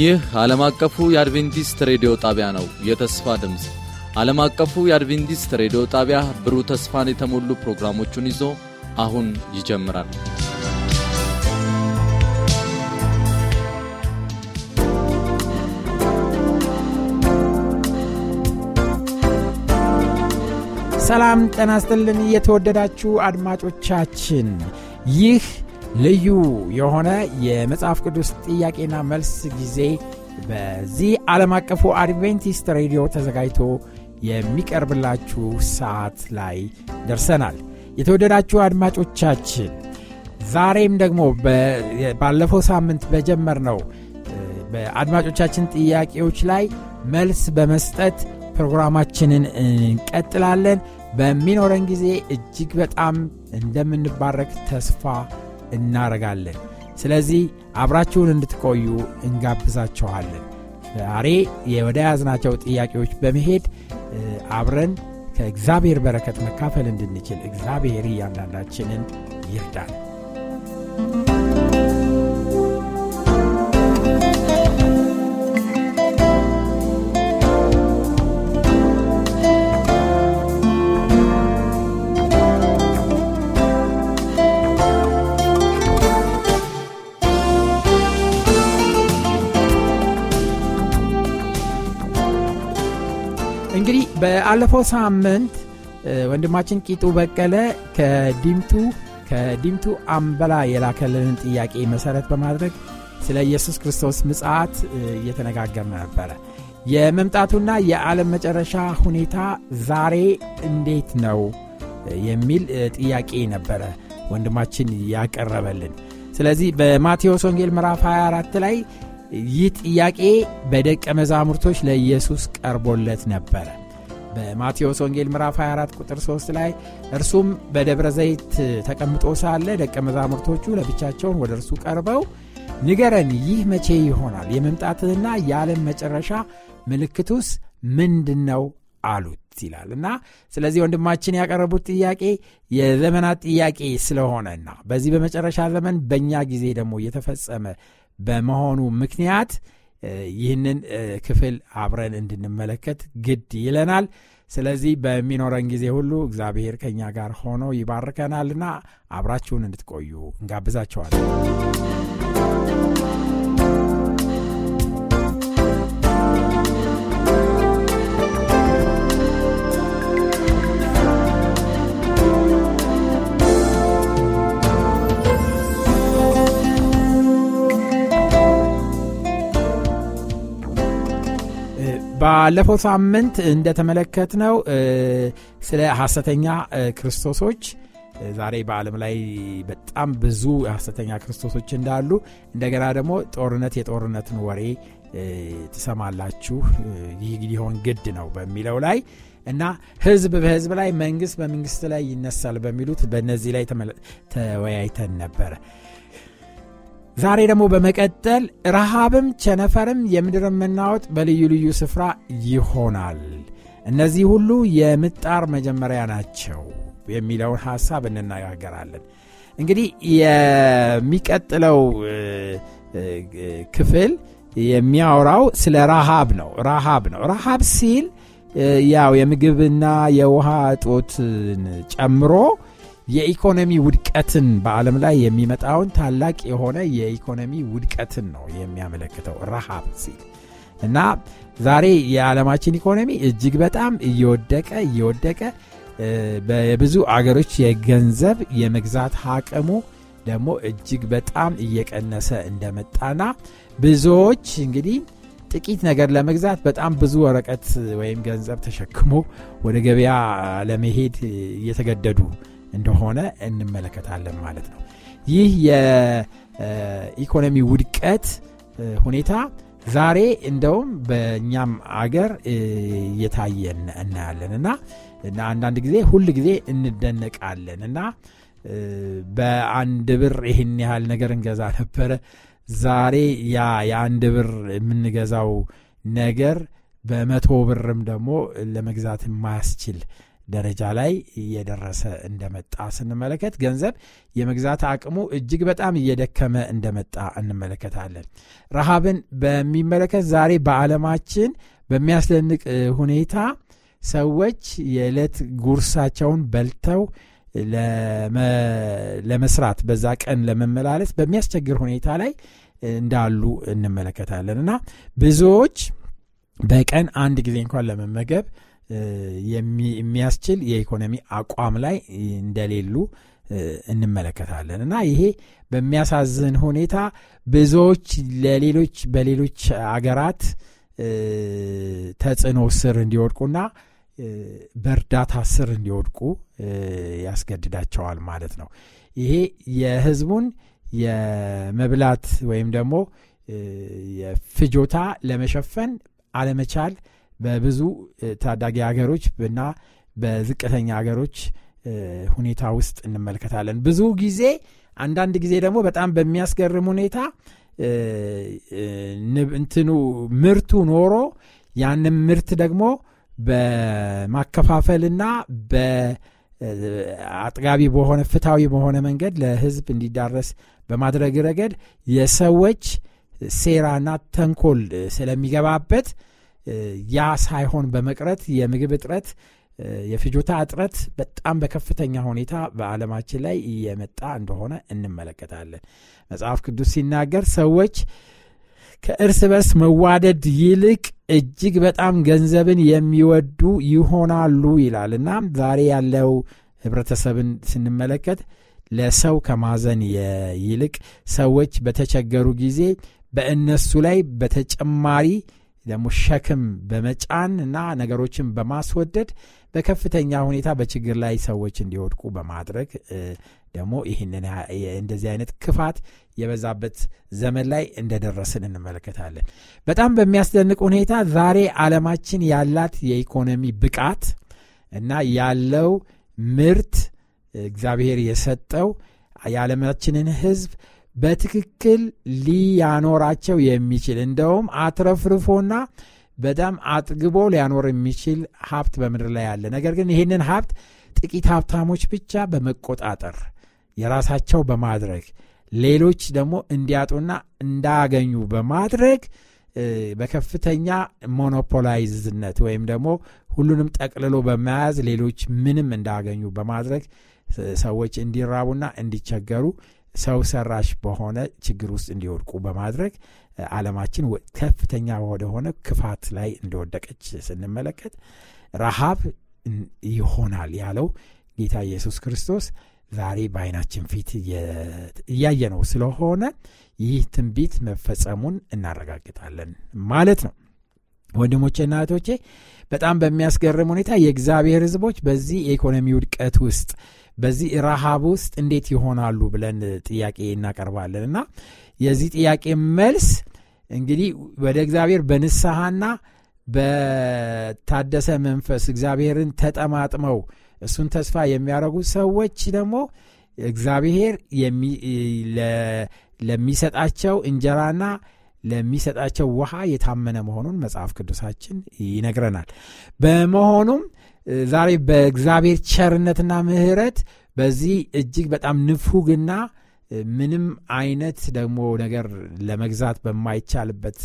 ይህ ዓለም አቀፉ የአድቬንቲስት ሬዲዮ ጣቢያ ነው። የተስፋ ድምፅ ዓለም አቀፉ የአድቬንቲስት ሬዲዮ ጣቢያ ብሩህ ተስፋን የተሞሉ ፕሮግራሞቹን ይዞ አሁን ይጀምራል። ሰላም ጤና ይስጥልን የተወደዳችሁ አድማጮቻችን ይህ ልዩ የሆነ የመጽሐፍ ቅዱስ ጥያቄና መልስ ጊዜ በዚህ ዓለም አቀፉ አድቬንቲስት ሬዲዮ ተዘጋጅቶ የሚቀርብላችሁ ሰዓት ላይ ደርሰናል። የተወደዳችሁ አድማጮቻችን ዛሬም ደግሞ ባለፈው ሳምንት በጀመርነው በአድማጮቻችን ጥያቄዎች ላይ መልስ በመስጠት ፕሮግራማችንን እንቀጥላለን። በሚኖረን ጊዜ እጅግ በጣም እንደምንባረክ ተስፋ እናረጋለን። ስለዚህ አብራችሁን እንድትቆዩ እንጋብዛችኋለን። ዛሬ የወደ ያዝናቸው ጥያቄዎች በመሄድ አብረን ከእግዚአብሔር በረከት መካፈል እንድንችል እግዚአብሔር እያንዳንዳችንን ይርዳል። እንግዲህ በአለፈው ሳምንት ወንድማችን ቂጡ በቀለ ከዲምቱ ከዲምቱ አምበላ የላከልንን ጥያቄ መሰረት በማድረግ ስለ ኢየሱስ ክርስቶስ ምጽአት እየተነጋገርን ነበረ። የመምጣቱና የዓለም መጨረሻ ሁኔታ ዛሬ እንዴት ነው የሚል ጥያቄ ነበረ ወንድማችን ያቀረበልን። ስለዚህ በማቴዎስ ወንጌል ምዕራፍ 24 ላይ ይህ ጥያቄ በደቀ መዛሙርቶች ለኢየሱስ ቀርቦለት ነበረ። በማቴዎስ ወንጌል ምዕራፍ 24 ቁጥር 3 ላይ እርሱም በደብረ ዘይት ተቀምጦ ሳለ ደቀ መዛሙርቶቹ ለብቻቸውን ወደ እርሱ ቀርበው ንገረን፣ ይህ መቼ ይሆናል? የመምጣትህና የዓለም መጨረሻ ምልክቱስ ምንድን ነው አሉት ይላል እና ስለዚህ ወንድማችን ያቀረቡት ጥያቄ የዘመናት ጥያቄ ስለሆነና በዚህ በመጨረሻ ዘመን በእኛ ጊዜ ደግሞ እየተፈጸመ በመሆኑ ምክንያት ይህንን ክፍል አብረን እንድንመለከት ግድ ይለናል። ስለዚህ በሚኖረን ጊዜ ሁሉ እግዚአብሔር ከእኛ ጋር ሆኖ ይባርከናልና አብራችሁን እንድትቆዩ እንጋብዛቸዋለን። ባለፈው ሳምንት እንደተመለከትነው ስለ ሐሰተኛ ክርስቶሶች ዛሬ በዓለም ላይ በጣም ብዙ ሐሰተኛ ክርስቶሶች እንዳሉ እንደገና ደግሞ ጦርነት የጦርነትን ወሬ ትሰማላችሁ ይህ ሊሆን ግድ ነው በሚለው ላይ እና ህዝብ በህዝብ ላይ መንግስት በመንግስት ላይ ይነሳል በሚሉት በእነዚህ ላይ ተወያይተን ነበረ። ዛሬ ደግሞ በመቀጠል ረሃብም ቸነፈርም የምድርም መናወጥ በልዩ ልዩ ስፍራ ይሆናል፣ እነዚህ ሁሉ የምጣር መጀመሪያ ናቸው የሚለውን ሐሳብ እንነጋገራለን። እንግዲህ የሚቀጥለው ክፍል የሚያወራው ስለ ረሃብ ነው። ረሃብ ነው። ረሃብ ሲል ያው የምግብና የውሃ እጦትን ጨምሮ የኢኮኖሚ ውድቀትን በዓለም ላይ የሚመጣውን ታላቅ የሆነ የኢኮኖሚ ውድቀትን ነው የሚያመለክተው ረሃብ ሲል እና ዛሬ የዓለማችን ኢኮኖሚ እጅግ በጣም እየወደቀ እየወደቀ በብዙ አገሮች የገንዘብ የመግዛት አቅሙ ደግሞ እጅግ በጣም እየቀነሰ እንደመጣና ብዙዎች እንግዲህ ጥቂት ነገር ለመግዛት በጣም ብዙ ወረቀት ወይም ገንዘብ ተሸክሞ ወደ ገበያ ለመሄድ እየተገደዱ እንደሆነ እንመለከታለን ማለት ነው። ይህ የኢኮኖሚ ውድቀት ሁኔታ ዛሬ እንደውም በእኛም አገር እየታየ እናያለን እና አንዳንድ ጊዜ ሁል ጊዜ እንደነቃለን እና በአንድ ብር ይህን ያህል ነገር እንገዛ ነበረ። ዛሬ ያ የአንድ ብር የምንገዛው ነገር በመቶ ብርም ደግሞ ለመግዛት የማያስችል ደረጃ ላይ እየደረሰ እንደመጣ ስንመለከት ገንዘብ የመግዛት አቅሙ እጅግ በጣም እየደከመ እንደመጣ እንመለከታለን። ረሃብን በሚመለከት ዛሬ በዓለማችን በሚያስደንቅ ሁኔታ ሰዎች የዕለት ጉርሳቸውን በልተው ለመስራት በዛ ቀን ለመመላለስ በሚያስቸግር ሁኔታ ላይ እንዳሉ እንመለከታለን እና ብዙዎች በቀን አንድ ጊዜ እንኳን ለመመገብ የሚያስችል የኢኮኖሚ አቋም ላይ እንደሌሉ እንመለከታለን እና ይሄ በሚያሳዝን ሁኔታ ብዙዎች ለሌሎች በሌሎች አገራት ተጽዕኖ ስር እንዲወድቁና በእርዳታ ስር እንዲወድቁ ያስገድዳቸዋል ማለት ነው። ይሄ የህዝቡን የመብላት ወይም ደግሞ የፍጆታ ለመሸፈን አለመቻል በብዙ ታዳጊ ሀገሮች እና በዝቅተኛ ሀገሮች ሁኔታ ውስጥ እንመለከታለን። ብዙ ጊዜ አንዳንድ ጊዜ ደግሞ በጣም በሚያስገርም ሁኔታ እንትኑ ምርቱ ኖሮ ያንም ምርት ደግሞ በማከፋፈልና በአጥጋቢ በሆነ ፍታዊ በሆነ መንገድ ለሕዝብ እንዲዳረስ በማድረግ ረገድ የሰዎች ሴራና ተንኮል ስለሚገባበት ያ ሳይሆን በመቅረት የምግብ እጥረት የፍጆታ እጥረት በጣም በከፍተኛ ሁኔታ በዓለማችን ላይ እየመጣ እንደሆነ እንመለከታለን። መጽሐፍ ቅዱስ ሲናገር ሰዎች ከእርስ በርስ መዋደድ ይልቅ እጅግ በጣም ገንዘብን የሚወዱ ይሆናሉ ይላል እና ዛሬ ያለው ህብረተሰብን ስንመለከት ለሰው ከማዘን ይልቅ ሰዎች በተቸገሩ ጊዜ በእነሱ ላይ በተጨማሪ ደግሞ ሸክም በመጫን እና ነገሮችን በማስወደድ በከፍተኛ ሁኔታ በችግር ላይ ሰዎች እንዲወድቁ በማድረግ ደግሞ ይህንን እንደዚህ አይነት ክፋት የበዛበት ዘመን ላይ እንደደረስን እንመለከታለን። በጣም በሚያስደንቅ ሁኔታ ዛሬ ዓለማችን ያላት የኢኮኖሚ ብቃት እና ያለው ምርት እግዚአብሔር የሰጠው የዓለማችንን ሕዝብ በትክክል ሊያኖራቸው የሚችል እንደውም አትረፍርፎና በጣም አጥግቦ ሊያኖር የሚችል ሀብት በምድር ላይ አለ። ነገር ግን ይህንን ሀብት ጥቂት ሀብታሞች ብቻ በመቆጣጠር የራሳቸው በማድረግ ሌሎች ደግሞ እንዲያጡና እንዳያገኙ በማድረግ በከፍተኛ ሞኖፖላይዝነት ወይም ደግሞ ሁሉንም ጠቅልሎ በመያዝ ሌሎች ምንም እንዳያገኙ በማድረግ ሰዎች እንዲራቡና እንዲቸገሩ ሰው ሰራሽ በሆነ ችግር ውስጥ እንዲወድቁ በማድረግ ዓለማችን ከፍተኛ ወደሆነ ክፋት ላይ እንደወደቀች ስንመለከት ረሃብ ይሆናል ያለው ጌታ ኢየሱስ ክርስቶስ ዛሬ በዓይናችን ፊት እያየነው ስለሆነ ይህ ትንቢት መፈጸሙን እናረጋግጣለን ማለት ነው። ወንድሞቼና እህቶቼ በጣም በሚያስገርም ሁኔታ የእግዚአብሔር ሕዝቦች በዚህ የኢኮኖሚ ውድቀት ውስጥ በዚህ ረሃብ ውስጥ እንዴት ይሆናሉ ብለን ጥያቄ እናቀርባለን እና የዚህ ጥያቄ መልስ እንግዲህ ወደ እግዚአብሔር በንስሐና በታደሰ መንፈስ እግዚአብሔርን ተጠማጥመው እሱን ተስፋ የሚያደርጉ ሰዎች ደግሞ እግዚአብሔር ለሚሰጣቸው እንጀራና ለሚሰጣቸው ውሃ የታመነ መሆኑን መጽሐፍ ቅዱሳችን ይነግረናል። በመሆኑም ዛሬ በእግዚአብሔር ቸርነትና ምህረት በዚህ እጅግ በጣም ንፉግና ምንም አይነት ደግሞ ነገር ለመግዛት በማይቻልበት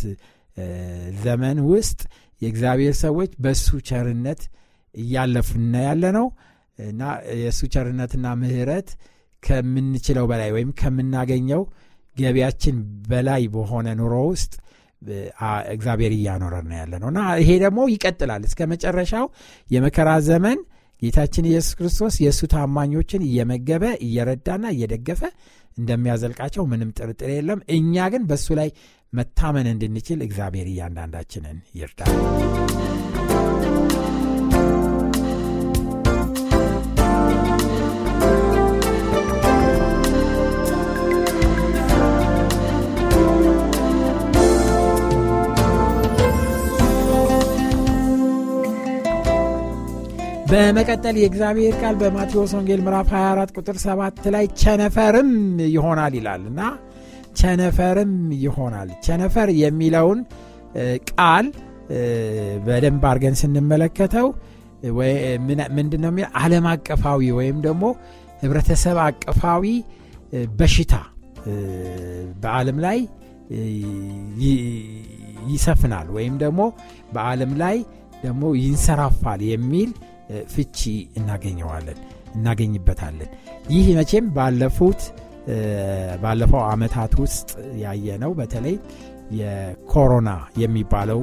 ዘመን ውስጥ የእግዚአብሔር ሰዎች በእሱ ቸርነት እያለፉና ያለ ነው እና የእሱ ቸርነትና ምህረት ከምንችለው በላይ ወይም ከምናገኘው ገቢያችን በላይ በሆነ ኑሮ ውስጥ እግዚአብሔር እያኖረን ነው ያለ ነው እና ይሄ ደግሞ ይቀጥላል እስከ መጨረሻው የመከራ ዘመን ጌታችን ኢየሱስ ክርስቶስ የእሱ ታማኞችን እየመገበ እየረዳና እየደገፈ እንደሚያዘልቃቸው ምንም ጥርጥር የለም። እኛ ግን በእሱ ላይ መታመን እንድንችል እግዚአብሔር እያንዳንዳችንን ይርዳል። በመቀጠል የእግዚአብሔር ቃል በማቴዎስ ወንጌል ምዕራፍ 24 ቁጥር 7 ላይ ቸነፈርም ይሆናል ይላል እና ቸነፈርም ይሆናል። ቸነፈር የሚለውን ቃል በደንብ አድርገን ስንመለከተው ምንድ ነው የሚል ዓለም አቀፋዊ ወይም ደግሞ ህብረተሰብ አቀፋዊ በሽታ በዓለም ላይ ይሰፍናል ወይም ደግሞ በዓለም ላይ ደግሞ ይንሰራፋል የሚል ፍቺ እናገኘዋለን እናገኝበታለን። ይህ መቼም ባለፉት ባለፈው አመታት ውስጥ ያየነው በተለይ የኮሮና የሚባለው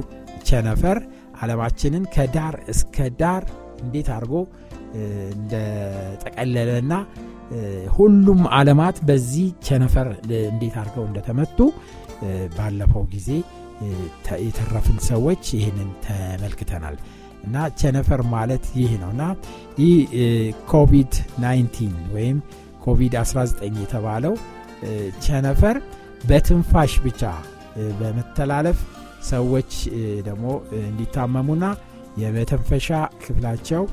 ቸነፈር አለማችንን ከዳር እስከ ዳር እንዴት አድርጎ እንደጠቀለለና ሁሉም አለማት በዚህ ቸነፈር እንዴት አድርገው እንደተመቱ ባለፈው ጊዜ የተረፍን ሰዎች ይህንን ተመልክተናል። እና ቸነፈር ማለት ይህ ነው እና ይህ ኮቪድ 19 ወይም ኮቪድ 19 የተባለው ቸነፈር በትንፋሽ ብቻ በመተላለፍ ሰዎች ደግሞ እንዲታመሙና የመተንፈሻ ክፍላቸው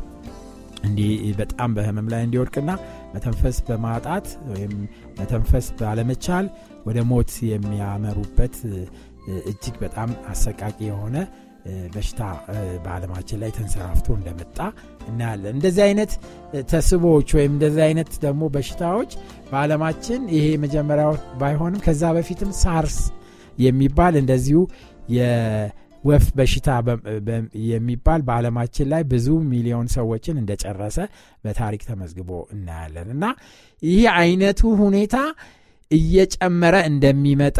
እንዲህ በጣም በህመም ላይ እንዲወድቅና መተንፈስ በማጣት ወይም መተንፈስ ባለመቻል ወደ ሞት የሚያመሩበት እጅግ በጣም አሰቃቂ የሆነ በሽታ በዓለማችን ላይ ተንሰራፍቶ እንደመጣ እናያለን። እንደዚህ አይነት ተስቦች ወይም እንደዚህ አይነት ደግሞ በሽታዎች በዓለማችን ይሄ መጀመሪያው ባይሆንም ከዛ በፊትም ሳርስ የሚባል እንደዚሁ የወፍ በሽታ የሚባል በዓለማችን ላይ ብዙ ሚሊዮን ሰዎችን እንደጨረሰ በታሪክ ተመዝግቦ እናያለን እና ይህ አይነቱ ሁኔታ እየጨመረ እንደሚመጣ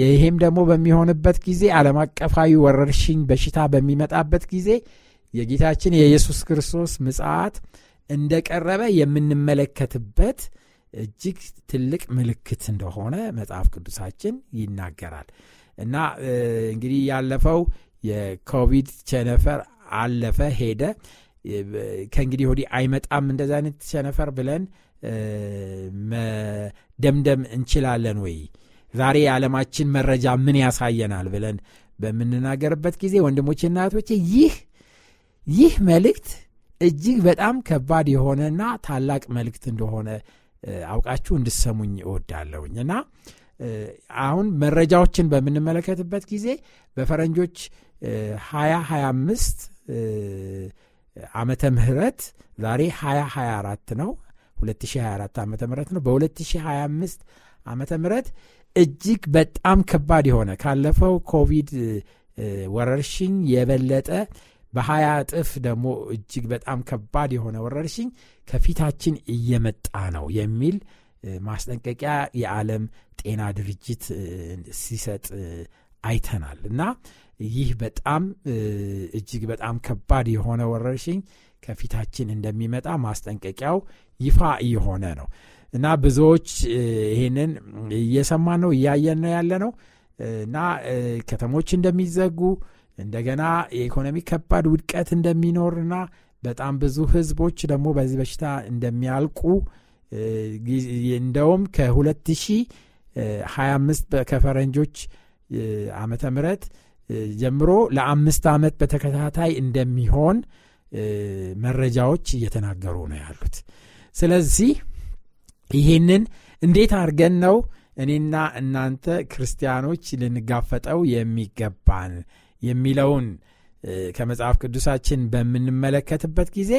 ይሄም ደግሞ በሚሆንበት ጊዜ ዓለም አቀፋዊ ወረርሽኝ በሽታ በሚመጣበት ጊዜ የጌታችን የኢየሱስ ክርስቶስ ምጽአት እንደቀረበ የምንመለከትበት እጅግ ትልቅ ምልክት እንደሆነ መጽሐፍ ቅዱሳችን ይናገራል እና እንግዲህ ያለፈው የኮቪድ ቸነፈር አለፈ ሄደ ከእንግዲህ ወዲህ አይመጣም እንደዚ አይነት ቸነፈር ብለን መደምደም እንችላለን ወይ? ዛሬ የዓለማችን መረጃ ምን ያሳየናል ብለን በምንናገርበት ጊዜ ወንድሞች እህቶቼ ይህ ይህ መልእክት እጅግ በጣም ከባድ የሆነና ታላቅ መልእክት እንደሆነ አውቃችሁ እንድሰሙኝ እወዳለሁኝ እና አሁን መረጃዎችን በምንመለከትበት ጊዜ በፈረንጆች 2025 ዓመተ ምህረት ዛሬ 2024 ነው 2024 ዓ ም ነው በ2025 ዓ ም እጅግ በጣም ከባድ የሆነ ካለፈው ኮቪድ ወረርሽኝ የበለጠ በሀያ እጥፍ ደግሞ እጅግ በጣም ከባድ የሆነ ወረርሽኝ ከፊታችን እየመጣ ነው የሚል ማስጠንቀቂያ የዓለም ጤና ድርጅት ሲሰጥ አይተናል እና ይህ በጣም እጅግ በጣም ከባድ የሆነ ወረርሽኝ ከፊታችን እንደሚመጣ ማስጠንቀቂያው ይፋ እየሆነ ነው እና ብዙዎች ይህንን እየሰማን ነው እያየን ነው ያለ ነው እና ከተሞች እንደሚዘጉ እንደገና የኢኮኖሚ ከባድ ውድቀት እንደሚኖር እና በጣም ብዙ ህዝቦች ደግሞ በዚህ በሽታ እንደሚያልቁ እንደውም ከ2025 ከፈረንጆች ዓመተ ምረት ጀምሮ ለአምስት ዓመት በተከታታይ እንደሚሆን መረጃዎች እየተናገሩ ነው ያሉት። ስለዚህ ይህንን እንዴት አድርገን ነው እኔና እናንተ ክርስቲያኖች ልንጋፈጠው የሚገባን የሚለውን ከመጽሐፍ ቅዱሳችን በምንመለከትበት ጊዜ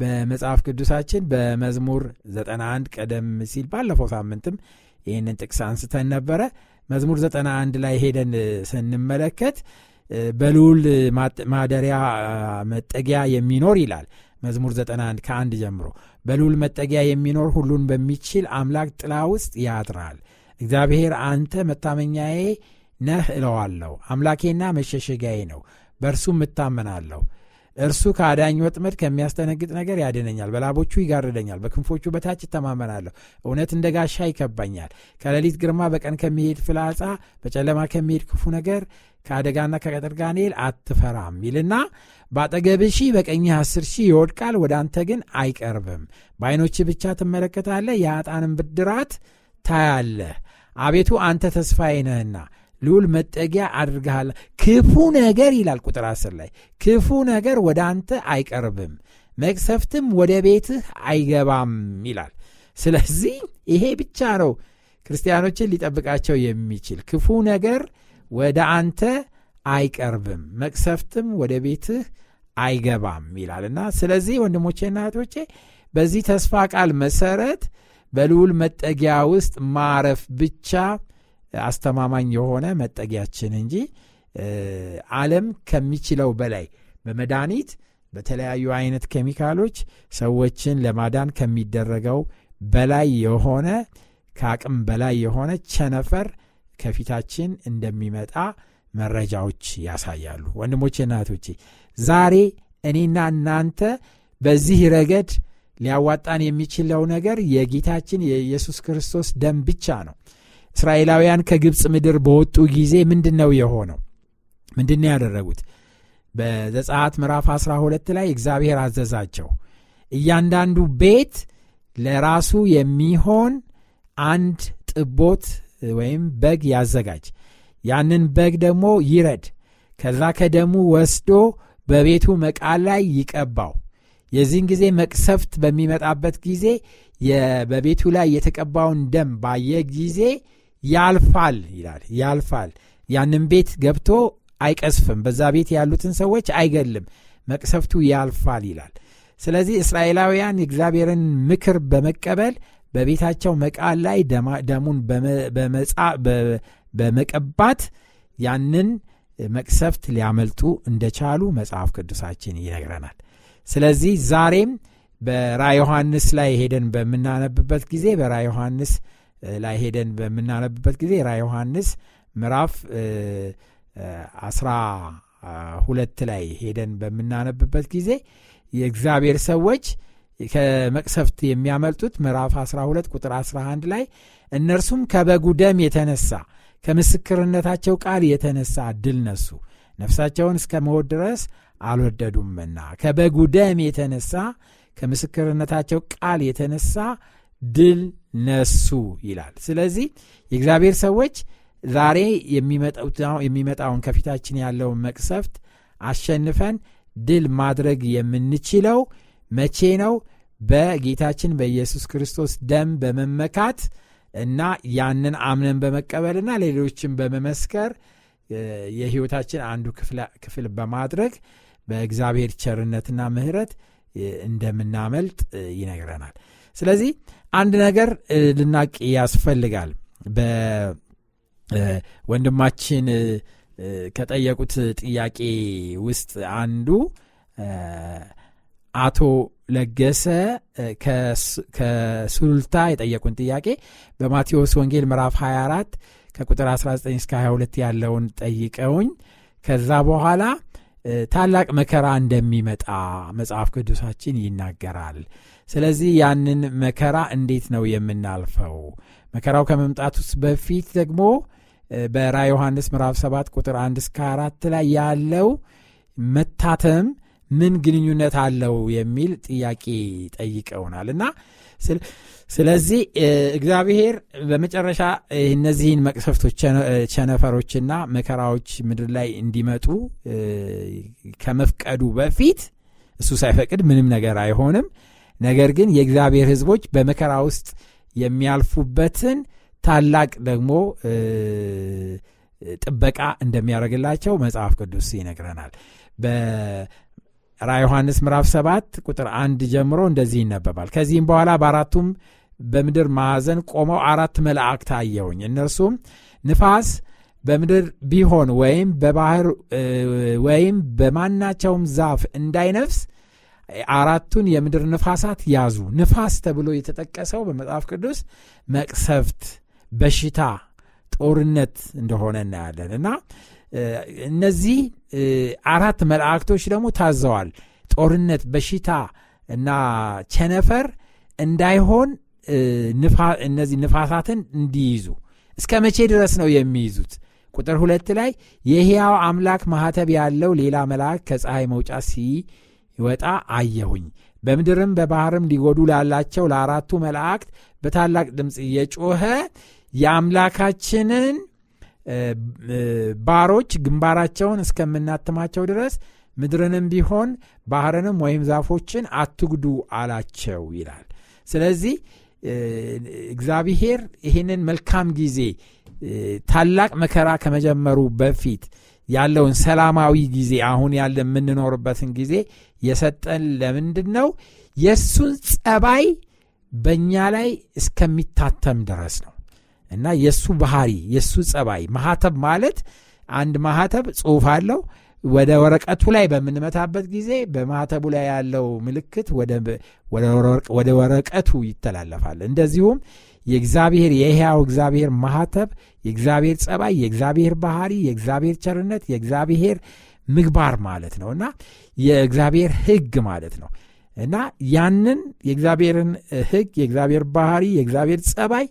በመጽሐፍ ቅዱሳችን በመዝሙር 91 ቀደም ሲል ባለፈው ሳምንትም ይህንን ጥቅስ አንስተን ነበረ መዝሙር 91 ላይ ሄደን ስንመለከት በልዑል ማደሪያ መጠጊያ የሚኖር ይላል መዝሙር 91 ከአንድ ጀምሮ በልዑል መጠጊያ የሚኖር ሁሉን በሚችል አምላክ ጥላ ውስጥ ያድራል። እግዚአብሔር አንተ መታመኛዬ ነህ እለዋለሁ። አምላኬና መሸሸጊያዬ ነው፣ በእርሱም እታመናለሁ። እርሱ ከአዳኝ ወጥመድ ከሚያስጠነግጥ ነገር ያድነኛል። በላቦቹ ይጋርደኛል፣ በክንፎቹ በታች እተማመናለሁ። እውነት እንደ ጋሻ ይከባኛል። ከሌሊት ግርማ፣ በቀን ከሚሄድ ፍላጻ፣ በጨለማ ከሚሄድ ክፉ ነገር፣ ከአደጋና ከቀጥር ጋኔል አትፈራም ይልና በአጠገብህ ሺህ በቀኝህ አስር ሺህ ይወድቃል፣ ወደ አንተ ግን አይቀርብም። በአይኖች ብቻ ትመለከታለህ፣ የኃጥአንን ብድራት ታያለህ። አቤቱ አንተ ተስፋዬ ነህና ልዑል መጠጊያ አድርግሃል። ክፉ ነገር ይላል ቁጥር 10 ላይ ክፉ ነገር ወደ አንተ አይቀርብም፣ መቅሰፍትም ወደ ቤትህ አይገባም ይላል። ስለዚህ ይሄ ብቻ ነው ክርስቲያኖችን ሊጠብቃቸው የሚችል ክፉ ነገር ወደ አንተ አይቀርብም፣ መቅሰፍትም ወደ ቤትህ አይገባም ይላልና ስለዚህ ወንድሞቼና እህቶቼ በዚህ ተስፋ ቃል መሰረት በልዑል መጠጊያ ውስጥ ማረፍ ብቻ አስተማማኝ የሆነ መጠጊያችን እንጂ ዓለም ከሚችለው በላይ በመድኃኒት በተለያዩ አይነት ኬሚካሎች ሰዎችን ለማዳን ከሚደረገው በላይ የሆነ ከአቅም በላይ የሆነ ቸነፈር ከፊታችን እንደሚመጣ መረጃዎች ያሳያሉ። ወንድሞቼና እህቶቼ ዛሬ እኔና እናንተ በዚህ ረገድ ሊያዋጣን የሚችለው ነገር የጌታችን የኢየሱስ ክርስቶስ ደም ብቻ ነው። እስራኤላውያን ከግብፅ ምድር በወጡ ጊዜ ምንድን ነው የሆነው? ምንድን ነው ያደረጉት? በዘጻት ምዕራፍ 12 ላይ እግዚአብሔር አዘዛቸው እያንዳንዱ ቤት ለራሱ የሚሆን አንድ ጥቦት ወይም በግ ያዘጋጅ፣ ያንን በግ ደግሞ ይረድ፣ ከዛ ከደሙ ወስዶ በቤቱ መቃል ላይ ይቀባው። የዚህን ጊዜ መቅሰፍት በሚመጣበት ጊዜ በቤቱ ላይ የተቀባውን ደም ባየ ጊዜ ያልፋል ይላል። ያልፋል ያንን ቤት ገብቶ አይቀስፍም። በዛ ቤት ያሉትን ሰዎች አይገልም። መቅሰፍቱ ያልፋል ይላል። ስለዚህ እስራኤላውያን የእግዚአብሔርን ምክር በመቀበል በቤታቸው መቃል ላይ ደሙን በመቀባት ያንን መቅሰፍት ሊያመልጡ እንደቻሉ መጽሐፍ ቅዱሳችን ይነግረናል። ስለዚህ ዛሬም በራ ዮሐንስ ላይ ሄደን በምናነብበት ጊዜ በራ ዮሐንስ ላይ ሄደን በምናነብበት ጊዜ ራ ዮሐንስ ምዕራፍ አስራ ሁለት ላይ ሄደን በምናነብበት ጊዜ የእግዚአብሔር ሰዎች ከመቅሰፍት የሚያመልጡት ምዕራፍ 12 ቁጥር 11 ላይ እነርሱም ከበጉ ደም የተነሳ ከምስክርነታቸው ቃል የተነሳ ድል ነሱ ነፍሳቸውን እስከ መወድ ድረስ አልወደዱምና ከበጉ ደም የተነሳ ከምስክርነታቸው ቃል የተነሳ ድል ነሱ ይላል። ስለዚህ የእግዚአብሔር ሰዎች ዛሬ የሚመጣውን ከፊታችን ያለውን መቅሰፍት አሸንፈን ድል ማድረግ የምንችለው መቼ ነው? በጌታችን በኢየሱስ ክርስቶስ ደም በመመካት እና ያንን አምነን በመቀበልና ሌሎችን በመመስከር የሕይወታችን አንዱ ክፍል በማድረግ በእግዚአብሔር ቸርነትና ምሕረት እንደምናመልጥ ይነግረናል። ስለዚህ አንድ ነገር ልናቅ ያስፈልጋል በወንድማችን ከጠየቁት ጥያቄ ውስጥ አንዱ አቶ ለገሰ ከሱሉልታ የጠየቁን ጥያቄ በማቴዎስ ወንጌል ምዕራፍ 24 ከቁጥር 19 እስከ 22 ያለውን ጠይቀውኝ ከዛ በኋላ ታላቅ መከራ እንደሚመጣ መጽሐፍ ቅዱሳችን ይናገራል። ስለዚህ ያንን መከራ እንዴት ነው የምናልፈው? መከራው ከመምጣቱስ በፊት ደግሞ በራ ዮሐንስ ምዕራፍ 7 ቁጥር 1 እስከ 4 ላይ ያለው መታተም ምን ግንኙነት አለው የሚል ጥያቄ ጠይቀውናል እና ስለዚህ እግዚአብሔር በመጨረሻ እነዚህን መቅሰፍቶች ቸነፈሮችና መከራዎች ምድር ላይ እንዲመጡ ከመፍቀዱ በፊት እሱ ሳይፈቅድ ምንም ነገር አይሆንም ነገር ግን የእግዚአብሔር ህዝቦች በመከራ ውስጥ የሚያልፉበትን ታላቅ ደግሞ ጥበቃ እንደሚያደርግላቸው መጽሐፍ ቅዱስ ይነግረናል ራ ዮሐንስ ምዕራፍ 7 ቁጥር 1 ጀምሮ እንደዚህ ይነበባል። ከዚህም በኋላ በአራቱም በምድር ማዕዘን ቆመው አራት መላእክት አየውኝ። እነርሱም ንፋስ በምድር ቢሆን ወይም በባህር ወይም በማናቸውም ዛፍ እንዳይነፍስ አራቱን የምድር ንፋሳት ያዙ። ንፋስ ተብሎ የተጠቀሰው በመጽሐፍ ቅዱስ መቅሰፍት፣ በሽታ፣ ጦርነት እንደሆነ እናያለን እና እነዚህ አራት መላእክቶች ደግሞ ታዘዋል ጦርነት በሽታ እና ቸነፈር እንዳይሆን እነዚህ ንፋሳትን እንዲይዙ እስከ መቼ ድረስ ነው የሚይዙት ቁጥር ሁለት ላይ የሕያው አምላክ ማኅተብ ያለው ሌላ መልአክ ከፀሐይ መውጫ ሲወጣ አየሁኝ በምድርም በባህርም ሊጎዱ ላላቸው ለአራቱ መላእክት በታላቅ ድምፅ እየጮኸ የአምላካችንን ባሮች ግንባራቸውን እስከምናትማቸው ድረስ ምድርንም ቢሆን ባህርንም ወይም ዛፎችን አትጉዱ አላቸው ይላል። ስለዚህ እግዚአብሔር ይህንን መልካም ጊዜ ታላቅ መከራ ከመጀመሩ በፊት ያለውን ሰላማዊ ጊዜ አሁን ያለ የምንኖርበትን ጊዜ የሰጠን ለምንድን ነው? የእሱን ጸባይ በእኛ ላይ እስከሚታተም ድረስ ነው። እና የእሱ ባህሪ የእሱ ጸባይ ማህተብ ማለት አንድ ማህተብ ጽሁፍ አለው ወደ ወረቀቱ ላይ በምንመታበት ጊዜ በማህተቡ ላይ ያለው ምልክት ወደ ወረቀቱ ይተላለፋል። እንደዚሁም የእግዚአብሔር የሕያው እግዚአብሔር ማህተብ፣ የእግዚአብሔር ጸባይ፣ የእግዚአብሔር ባህሪ፣ የእግዚአብሔር ቸርነት፣ የእግዚአብሔር ምግባር ማለት ነው እና የእግዚአብሔር ህግ ማለት ነው እና ያንን የእግዚአብሔርን ህግ የእግዚአብሔር ባህሪ፣ የእግዚአብሔር ጸባይ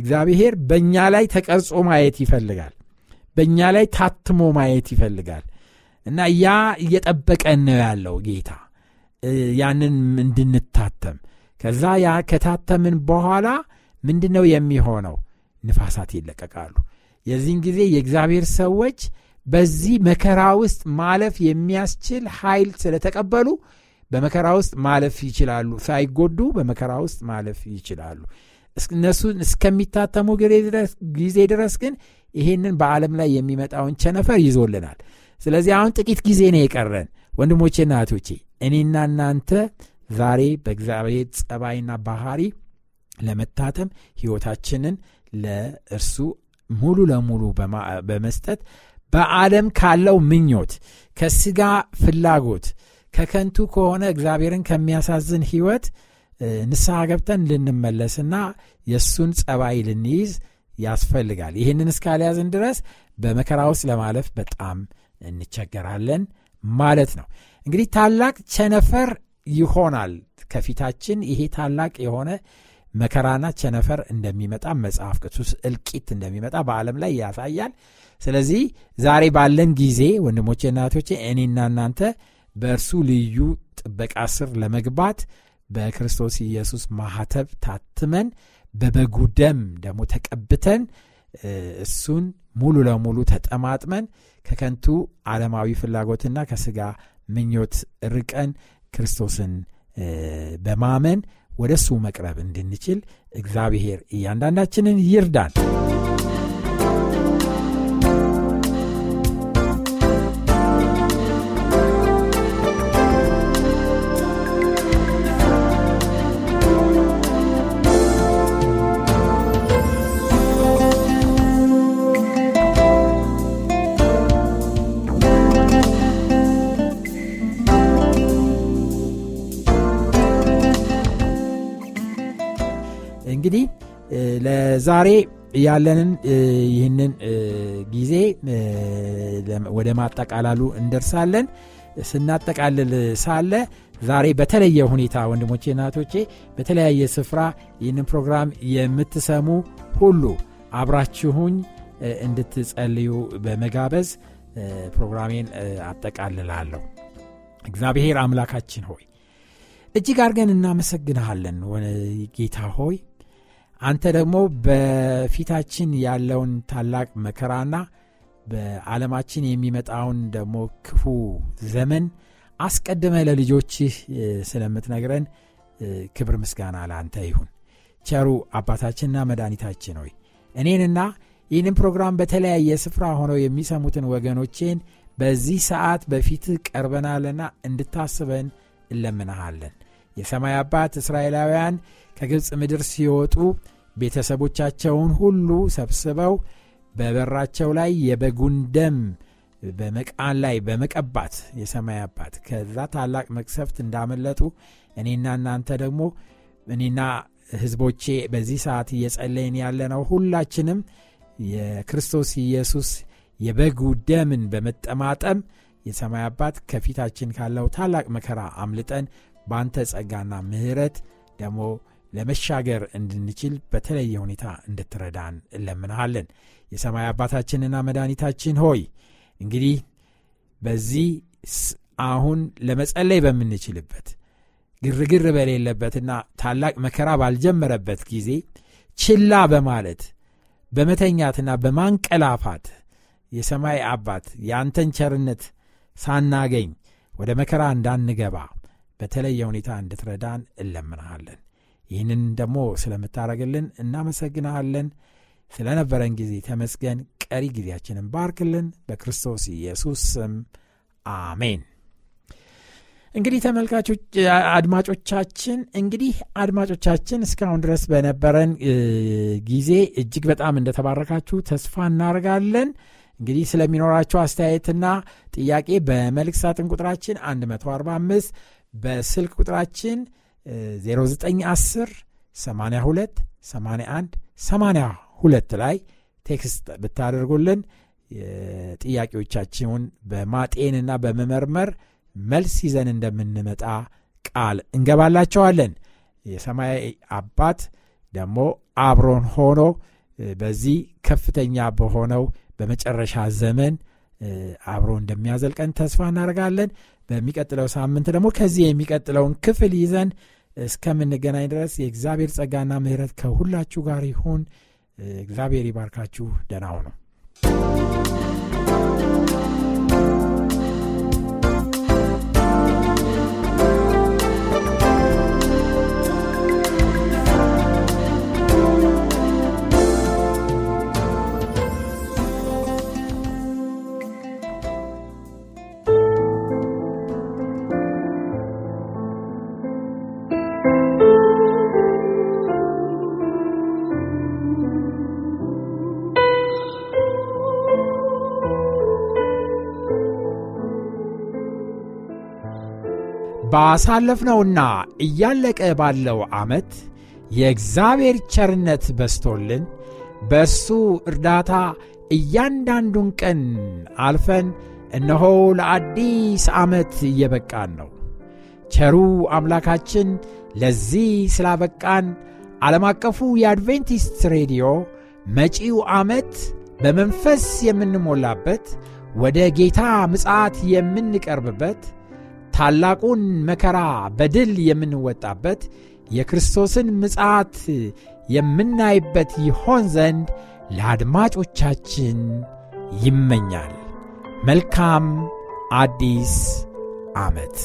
እግዚአብሔር በእኛ ላይ ተቀርጾ ማየት ይፈልጋል። በእኛ ላይ ታትሞ ማየት ይፈልጋል እና ያ እየጠበቀን ነው ያለው ጌታ ያንን እንድንታተም ከዛ ያ ከታተምን በኋላ ምንድን ነው የሚሆነው? ንፋሳት ይለቀቃሉ። የዚህን ጊዜ የእግዚአብሔር ሰዎች በዚህ መከራ ውስጥ ማለፍ የሚያስችል ኃይል ስለተቀበሉ በመከራ ውስጥ ማለፍ ይችላሉ። ሳይጎዱ በመከራ ውስጥ ማለፍ ይችላሉ። እነሱ እስከሚታተሙ ጊዜ ድረስ ግን ይህንን በዓለም ላይ የሚመጣውን ቸነፈር ይዞልናል። ስለዚህ አሁን ጥቂት ጊዜ ነው የቀረን ወንድሞቼና እህቶቼ፣ እኔና እናንተ ዛሬ በእግዚአብሔር ጸባይና ባህሪ ለመታተም ህይወታችንን ለእርሱ ሙሉ ለሙሉ በመስጠት በዓለም ካለው ምኞት፣ ከስጋ ፍላጎት፣ ከከንቱ ከሆነ እግዚአብሔርን ከሚያሳዝን ህይወት ንስሐ ገብተን ልንመለስና የእሱን ጸባይ ልንይዝ ያስፈልጋል። ይህንን እስካልያዝን ድረስ በመከራ ውስጥ ለማለፍ በጣም እንቸገራለን ማለት ነው። እንግዲህ ታላቅ ቸነፈር ይሆናል ከፊታችን ይሄ ታላቅ የሆነ መከራና ቸነፈር እንደሚመጣ መጽሐፍ ቅዱስ እልቂት እንደሚመጣ በዓለም ላይ ያሳያል። ስለዚህ ዛሬ ባለን ጊዜ ወንድሞቼ እናቶቼ እኔና እናንተ በእርሱ ልዩ ጥበቃ ስር ለመግባት በክርስቶስ ኢየሱስ ማህተብ ታትመን በበጉ ደም ደግሞ ተቀብተን እሱን ሙሉ ለሙሉ ተጠማጥመን ከከንቱ ዓለማዊ ፍላጎትና ከስጋ ምኞት ርቀን ክርስቶስን በማመን ወደ እሱ መቅረብ እንድንችል እግዚአብሔር እያንዳንዳችንን ይርዳል። ዛሬ ያለንን ይህንን ጊዜ ወደ ማጠቃላሉ እንደርሳለን። ስናጠቃልል ሳለ ዛሬ በተለየ ሁኔታ ወንድሞቼ ናቶቼ በተለያየ ስፍራ ይህንን ፕሮግራም የምትሰሙ ሁሉ አብራችሁኝ እንድትጸልዩ በመጋበዝ ፕሮግራሜን አጠቃልላለሁ። እግዚአብሔር አምላካችን ሆይ እጅግ አድርገን እናመሰግንሃለን። ጌታ ሆይ አንተ ደግሞ በፊታችን ያለውን ታላቅ መከራና በዓለማችን የሚመጣውን ደግሞ ክፉ ዘመን አስቀድመ ለልጆችህ ስለምትነግረን ክብር ምስጋና ለአንተ ይሁን። ቸሩ አባታችንና መድኃኒታችን ሆይ እኔንና ይህንን ፕሮግራም በተለያየ ስፍራ ሆነው የሚሰሙትን ወገኖቼን በዚህ ሰዓት በፊትህ ቀርበናልና እንድታስበን እንለምንሃለን። የሰማይ አባት እስራኤላውያን ከግብፅ ምድር ሲወጡ ቤተሰቦቻቸውን ሁሉ ሰብስበው በበራቸው ላይ የበጉን ደም በመቃን ላይ በመቀባት የሰማይ አባት ከዛ ታላቅ መቅሰፍት እንዳመለጡ እኔና እናንተ ደግሞ እኔና ህዝቦቼ በዚህ ሰዓት እየጸለይን ያለነው ሁላችንም የክርስቶስ ኢየሱስ የበጉ ደምን በመጠማጠም የሰማይ አባት ከፊታችን ካለው ታላቅ መከራ አምልጠን በአንተ ጸጋና ምሕረት ደግሞ ለመሻገር እንድንችል በተለየ ሁኔታ እንድትረዳን እለምናሃለን። የሰማይ አባታችንና መድኃኒታችን ሆይ እንግዲህ በዚህ አሁን ለመጸለይ በምንችልበት ግርግር በሌለበትና ታላቅ መከራ ባልጀመረበት ጊዜ ችላ በማለት በመተኛትና በማንቀላፋት የሰማይ አባት የአንተን ቸርነት ሳናገኝ ወደ መከራ እንዳንገባ በተለየ ሁኔታ እንድትረዳን እንለምናሃለን። ይህንን ደግሞ ስለምታደርግልን እናመሰግናሃለን። ስለነበረን ጊዜ ተመስገን። ቀሪ ጊዜያችንን ባርክልን። በክርስቶስ ኢየሱስ ስም አሜን። እንግዲህ ተመልካቾች አድማጮቻችን እንግዲህ አድማጮቻችን እስካሁን ድረስ በነበረን ጊዜ እጅግ በጣም እንደተባረካችሁ ተስፋ እናደርጋለን። እንግዲህ ስለሚኖራቸው አስተያየትና ጥያቄ በመልእክት ሳጥን ቁጥራችን 145 በስልክ ቁጥራችን 0910 82 81 82 ላይ ቴክስት ብታደርጉልን ጥያቄዎቻችሁን በማጤንና በመመርመር መልስ ይዘን እንደምንመጣ ቃል እንገባላቸዋለን። የሰማይ አባት ደግሞ አብሮን ሆኖ በዚህ ከፍተኛ በሆነው በመጨረሻ ዘመን አብሮ እንደሚያዘልቀን ተስፋ እናደርጋለን። በሚቀጥለው ሳምንት ደግሞ ከዚህ የሚቀጥለውን ክፍል ይዘን እስከምንገናኝ ድረስ የእግዚአብሔር ጸጋና ምህረት ከሁላችሁ ጋር ይሁን። እግዚአብሔር ይባርካችሁ። ደናው ነው። ባሳለፍነውና እያለቀ ባለው ዓመት የእግዚአብሔር ቸርነት በስቶልን በእሱ እርዳታ እያንዳንዱን ቀን አልፈን እነሆ ለአዲስ ዓመት እየበቃን ነው። ቸሩ አምላካችን ለዚህ ስላበቃን ዓለም አቀፉ የአድቬንቲስት ሬዲዮ መጪው ዓመት በመንፈስ የምንሞላበት ወደ ጌታ ምጽት የምንቀርብበት ታላቁን መከራ በድል የምንወጣበት የክርስቶስን ምጽአት የምናይበት ይሆን ዘንድ ለአድማጮቻችን ይመኛል። መልካም አዲስ ዓመት።